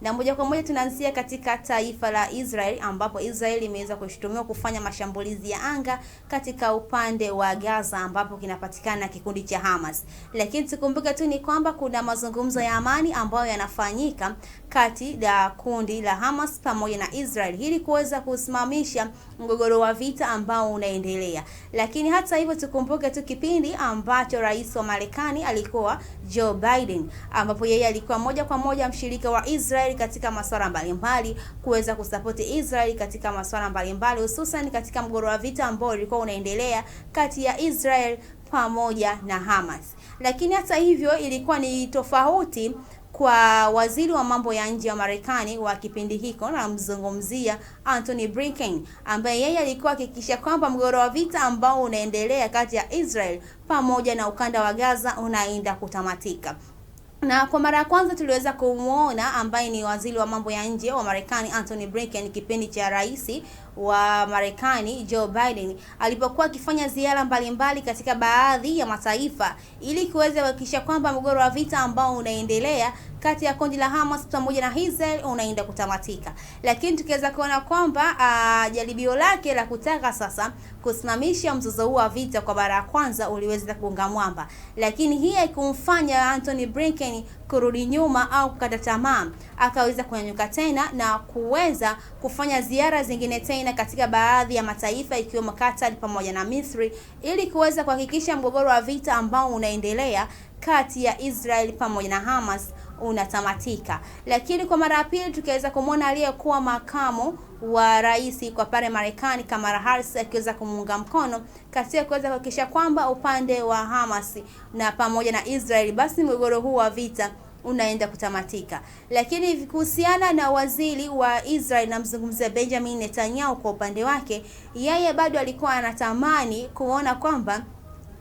Na moja kwa moja tunaanzia katika taifa la Israel ambapo Israel imeweza kushutumiwa kufanya mashambulizi ya anga katika upande wa Gaza ambapo kinapatikana kikundi cha Hamas. Lakini tukumbuke tu ni kwamba kuna mazungumzo ya amani ambayo yanafanyika kati ya kundi la Hamas pamoja na Israel ili kuweza kusimamisha mgogoro wa vita ambao unaendelea. Lakini hata hivyo tukumbuke tu kipindi ambacho rais wa Marekani alikuwa Joe Biden ambapo yeye alikuwa moja kwa moja mshirika wa Israel Israeli katika masuala mbalimbali, kuweza kusapoti Israeli katika masuala mbalimbali, hususan katika mgogoro wa vita ambao ulikuwa unaendelea kati ya Israel pamoja na Hamas. Lakini hata hivyo ilikuwa ni tofauti kwa waziri wa mambo ya nje wa Marekani wa kipindi hiko, namzungumzia Anthony Blinken, ambaye yeye alikuwa akihakikisha kwamba mgogoro wa vita ambao unaendelea kati ya Israel pamoja na ukanda wa Gaza unaenda kutamatika. Na kwa mara ya kwanza tuliweza kumwona ambaye ni waziri wa mambo ya nje wa Marekani Anthony Blinken kipindi cha rais wa Marekani Joe Biden alipokuwa akifanya ziara mbalimbali katika baadhi ya mataifa ili kuweza kuhakikisha kwamba mgogoro wa vita ambao unaendelea kati ya kundi la Hamas pamoja na Israel unaenda kutamatika, lakini tukiweza kuona kwamba ah, jaribio lake la kutaka sasa kusimamisha mzozo huu wa vita kwa mara ya kwanza uliweza kugonga mwamba, lakini hii haikumfanya Anthony Blinken kurudi nyuma au kukata tamaa. Akaweza kunyanyuka tena na kuweza kufanya ziara zingine tena mengine katika baadhi ya mataifa ikiwemo Qatar pamoja na Misri ili kuweza kuhakikisha mgogoro wa vita ambao unaendelea kati ya Israel pamoja na Hamas unatamatika. Lakini kwa mara ya pili tukiweza kumwona aliyekuwa makamu wa rais kwa pale Marekani Kamala Harris akiweza kumuunga mkono katika kuweza kuhakikisha kwamba upande wa Hamas na pamoja na Israel basi mgogoro huu wa vita unaenda kutamatika. Lakini kuhusiana na waziri wa Israel, namzungumzia Benjamin Netanyahu, kwa upande wake yeye bado alikuwa anatamani kuona kwamba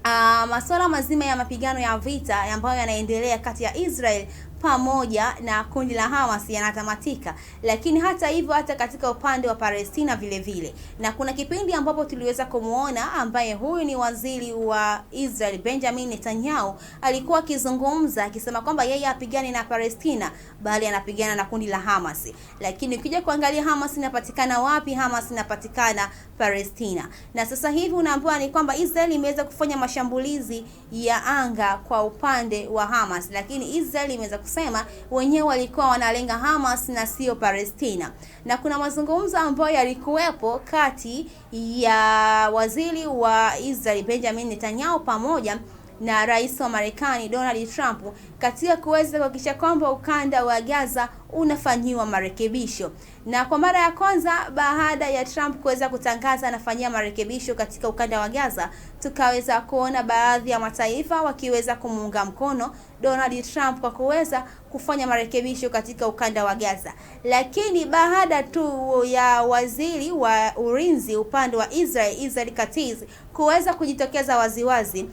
Uh, masuala mazima ya mapigano ya vita ambayo yanaendelea kati ya Israel pamoja na kundi la Hamas yanatamatika, lakini hata hivyo, hata katika upande wa Palestina vile vile, na kuna kipindi ambapo tuliweza kumuona ambaye huyu ni waziri wa Israel Benjamin Netanyahu alikuwa akizungumza akisema kwamba yeye apigane na Palestina, bali anapigana na kundi la Hamas. Lakini ukija kuangalia Hamas inapatikana wapi? Hamas inapatikana Palestina, na sasa hivi unaambiwa ni kwamba Israel imeweza kufanya mashambulizi ya anga kwa upande wa Hamas, lakini Israel imeweza kusema wenyewe walikuwa wanalenga Hamas na sio Palestina, na kuna mazungumzo ambayo yalikuwepo kati ya waziri wa Israel Benjamin Netanyahu pamoja na rais wa Marekani Donald Trump katika kuweza kuhakikisha kwamba ukanda wa Gaza unafanyiwa marekebisho. Na kwa mara ya kwanza baada ya Trump kuweza kutangaza anafanyia marekebisho katika ukanda wa Gaza, tukaweza kuona baadhi ya mataifa wakiweza kumuunga mkono Donald Trump kwa kuweza kufanya marekebisho katika ukanda wa Gaza. Lakini baada tu ya waziri wa ulinzi upande wa Israel Israel Katz kuweza kujitokeza waziwazi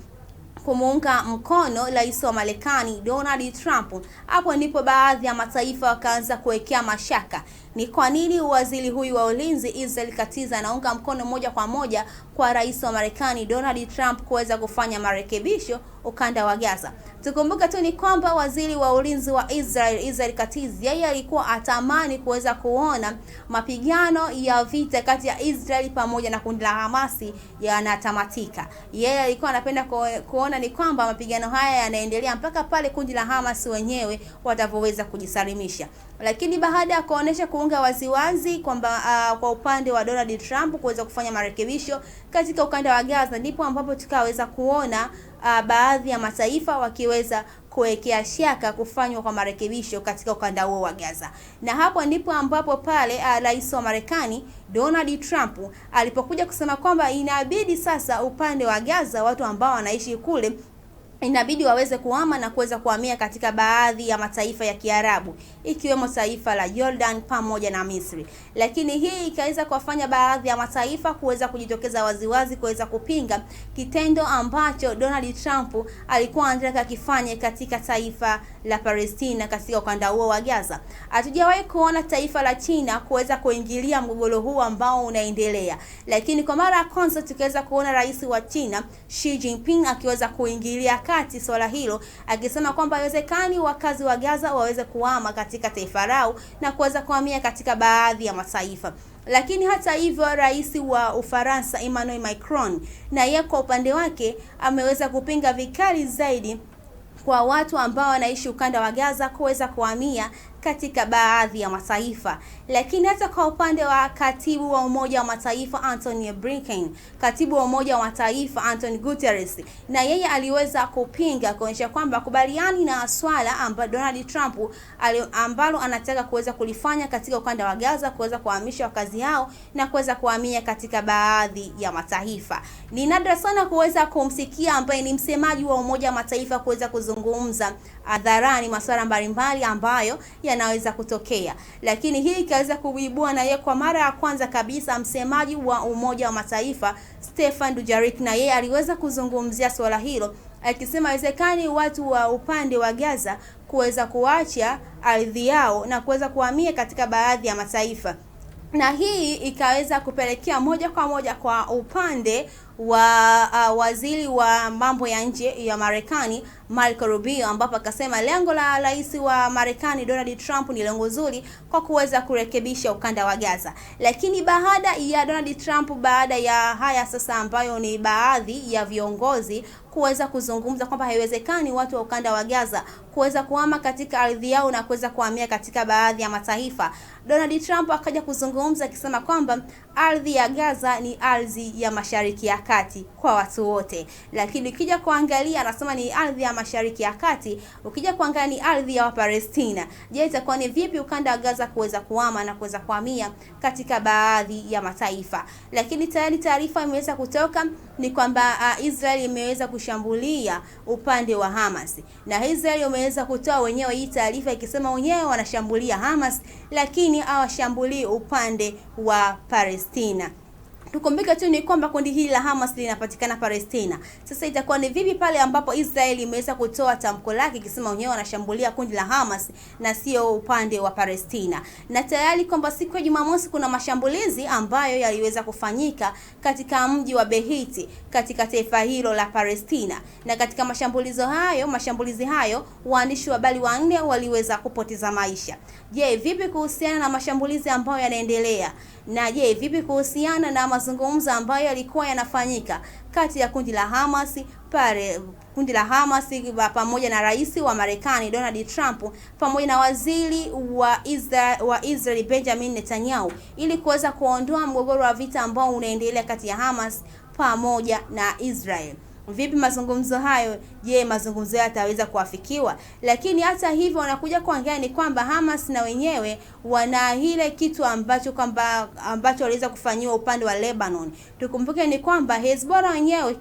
kumuunga mkono rais wa Marekani Donald Trump. Hapo ndipo baadhi ya mataifa wakaanza kuwekea mashaka ni kwa nini waziri huyu wa ulinzi Israel Katiza anaunga mkono moja kwa moja kwa rais wa Marekani Donald Trump kuweza kufanya marekebisho ukanda wa Gaza. Tukumbuke tu ni kwamba waziri wa ulinzi wa Israel Israel Katz yeye alikuwa atamani kuweza kuona mapigano ya vita kati ya Israel pamoja na kundi la Hamasi yanatamatika. Yeye alikuwa anapenda kuona ni kwamba mapigano haya yanaendelea mpaka pale kundi la Hamas wenyewe watapoweza kujisalimisha, lakini baada ya kuonesha ku amefunga waziwazi kwamba uh, kwa upande wa Donald Trump kuweza kufanya marekebisho katika ukanda wa Gaza, ndipo ambapo tukaweza kuona uh, baadhi ya mataifa wakiweza kuwekea shaka kufanywa kwa marekebisho katika ukanda huo wa Gaza. Na hapo ndipo ambapo pale ah, rais wa Marekani Donald Trump alipokuja kusema kwamba inabidi sasa upande wa Gaza, watu ambao wanaishi kule inabidi waweze kuhama na kuweza kuhamia katika baadhi ya mataifa ya Kiarabu ikiwemo taifa la Jordan pamoja na Misri, lakini hii ikaweza kuwafanya baadhi ya mataifa kuweza kujitokeza waziwazi kuweza kupinga kitendo ambacho Donald Trump alikuwa anataka kifanye katika taifa la Palestina katika ukanda huo wa Gaza. Hatujawahi kuona taifa la China kuweza kuingilia mgogoro huu ambao unaendelea, lakini kwa mara ya kwanza tukaweza kuona rais wa China Xi Jinping akiweza kuingilia kati swala hilo, akisema kwamba haiwezekani wakazi wa Gaza waweze kuhama katika taifa lao na kuweza kuhamia katika baadhi ya mataifa. Lakini hata hivyo, rais wa Ufaransa Emmanuel Macron na yeye kwa upande wake ameweza kupinga vikali zaidi kwa watu ambao wanaishi ukanda wa Gaza kuweza kuhamia katika baadhi ya mataifa. Lakini hata kwa upande wa katibu wa Umoja wa Mataifa Antonio Blinken, katibu wa Umoja wa Mataifa Antonio Guterres, na yeye aliweza kupinga kuonyesha kwamba kubaliani na swala ambalo Donald Trump ambalo anataka kuweza kulifanya katika ukanda wa Gaza, kuweza kuhamisha wakazi hao na kuweza kuhamia katika baadhi ya mataifa. Ni nadra sana kuweza kumsikia ambaye ni msemaji wa Umoja wa Mataifa kuweza kuzungumza hadharani masuala mbalimbali ambayo ya yanaweza kutokea, lakini hii ikaweza kuibua na yeye kwa mara ya kwanza kabisa msemaji wa Umoja wa Mataifa Stefan Dujarric, na yeye aliweza kuzungumzia swala hilo akisema haiwezekani watu wa upande wa Gaza kuweza kuacha ardhi yao na kuweza kuhamia katika baadhi ya mataifa na hii ikaweza kupelekea moja kwa moja kwa upande wa uh, waziri wa mambo ya nje ya Marekani Marco Rubio, ambapo akasema lengo la rais wa Marekani Donald Trump ni lengo zuri kwa kuweza kurekebisha ukanda wa Gaza. Lakini baada ya Donald Trump, baada ya haya sasa ambayo ni baadhi ya viongozi kuweza kuzungumza kwamba haiwezekani watu wa ukanda wa Gaza kuweza kuhama katika ardhi yao na kuweza kuhamia katika baadhi ya mataifa, Donald Trump akaja kuzungumza akisema kwamba ardhi ya Gaza ni ardhi ya Mashariki ya Kati kwa watu wote, lakini ukija kuangalia anasema ni ardhi ya Mashariki ya Kati, ukija kuangalia ni ardhi ya Wapalestina. Je, itakuwa ni vipi ukanda wa Gaza kuweza kuhama na kuweza kuhamia katika baadhi ya mataifa? Lakini tayari taarifa imeweza kutoka ni kwamba uh, Israel imeweza kushambulia upande wa Hamas na Israel imeweza kutoa wenyewe hii taarifa ikisema wenyewe wanashambulia Hamas, lakini hawashambulii upande wa Palestina. Palestina. Tukumbuke tu ni kwamba kundi hili la Hamas linapatikana Palestina. Sasa itakuwa ni vipi pale ambapo Israeli imeweza kutoa tamko lake ikisema wenyewe wanashambulia kundi la Hamas na sio upande wa Palestina, na tayari kwamba siku ya Jumamosi kuna mashambulizi ambayo yaliweza kufanyika katika mji wa Behiti katika taifa hilo la Palestina, na katika mashambulizo hayo mashambulizi hayo waandishi wa habari wanne waliweza kupoteza maisha. Je, vipi kuhusiana na mashambulizi ambayo yanaendelea? Na je, vipi kuhusiana na mazungumzo ambayo yalikuwa yanafanyika kati ya kundi la Hamas pale kundi la Hamas pamoja na rais wa Marekani Donald Trump pamoja na waziri wa Israel, wa Israel Benjamin Netanyahu ili kuweza kuondoa mgogoro wa vita ambao unaendelea kati ya Hamas pamoja na Israel. Vipi mazungumzo hayo? Je, mazungumzo hayo yataweza kuafikiwa? Lakini hata hivyo, wanakuja kuongea ni kwamba Hamas na wenyewe wana ile kitu ambacho kwamba ambacho waliweza kufanyiwa upande wa Lebanon. Tukumbuke ni kwamba Hezbollah wenyewe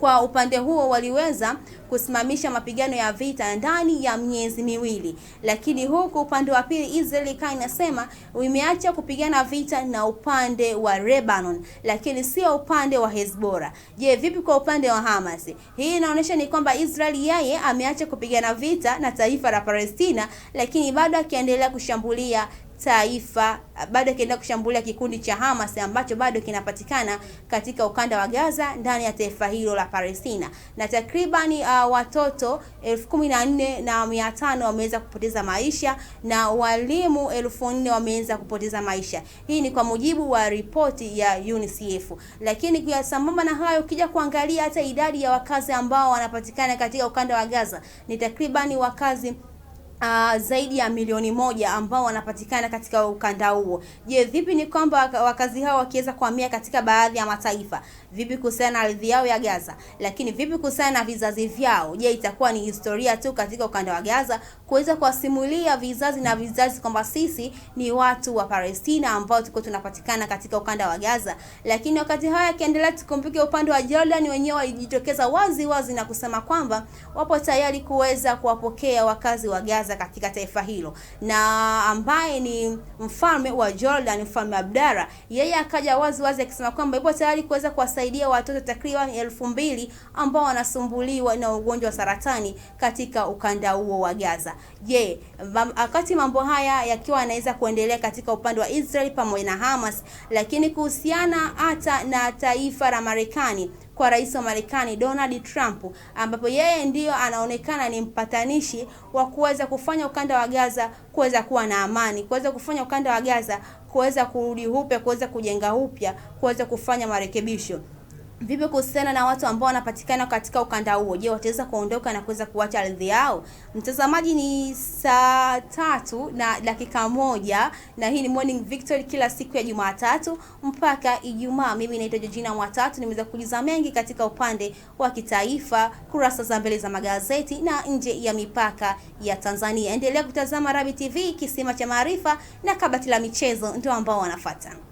kwa upande huo waliweza kusimamisha mapigano ya vita ndani ya miezi miwili, lakini huku upande wa pili Israel ikawa inasema imeacha kupigana vita na upande wa Lebanon, lakini sio upande wa Hezbollah. Je, vipi kwa upande wa Hamas? Hii inaonyesha ni kwamba Israel yeye ameacha kupigana vita na taifa la Palestina, lakini bado akiendelea kushambulia taifa bado akiendelea kushambulia kikundi cha Hamas ambacho bado kinapatikana katika ukanda wa Gaza ndani ya taifa hilo la Palestina. Na takribani uh, watoto elfu kumi na nne na mia tano wameweza kupoteza maisha na walimu elfu nne wameweza kupoteza maisha. Hii ni kwa mujibu wa ripoti ya UNICEF. Lakini kwa sambamba na hayo, ukija kuangalia hata idadi ya wakazi ambao wanapatikana katika ukanda wa Gaza ni takribani wakazi Uh, zaidi ya milioni moja ambao wanapatikana katika ukanda huo. Je, vipi ni kwamba wakazi hao wakiweza kuhamia katika baadhi ya mataifa, vipi kuhusiana na ardhi yao ya Gaza? Lakini vipi kuhusiana na vizazi vyao? Je, itakuwa ni historia tu katika ukanda wa Gaza kuweza kuwasimulia vizazi na vizazi kwamba sisi ni watu wa Palestina ambao tuko tunapatikana katika ukanda wa Gaza? Lakini wakati haya yakiendelea, tukumbuke upande wa Jordan wenyewe walijitokeza wazi wazi na kusema kwamba wapo tayari kuweza kuwapokea wakazi wa Gaza kwanza katika taifa hilo, na ambaye ni mfalme wa Jordan, mfalme Abdara, yeye akaja wazi wazi akisema kwamba yupo tayari kuweza kuwasaidia watoto takriban elfu mbili ambao wanasumbuliwa na ugonjwa wa saratani katika ukanda huo wa Gaza. Je, wakati mambo haya yakiwa yanaweza kuendelea katika upande wa Israel pamoja na Hamas, lakini kuhusiana hata na taifa la Marekani kwa rais wa Marekani Donald Trump, ambapo yeye ndiyo anaonekana ni mpatanishi wa kuweza kufanya ukanda wa Gaza kuweza kuwa na amani, kuweza kufanya ukanda wa Gaza kuweza kurudi upya, kuweza kujenga upya, kuweza kufanya marekebisho. Vipi kuhusiana na watu ambao wanapatikana katika ukanda huo? Je, wataweza kuondoka na kuweza kuacha ardhi yao? Mtazamaji, ni saa tatu na dakika moja na hii ni Morning Victory kila siku ya Jumatatu mpaka Ijumaa. Mimi naitwa Georgina Mwatatu, nimeweza kujuza mengi katika upande wa kitaifa, kurasa za mbele za magazeti na nje ya mipaka ya Tanzania. Endelea kutazama Rabi TV, kisima cha maarifa, na kabati la michezo ndio ambao wanafuata.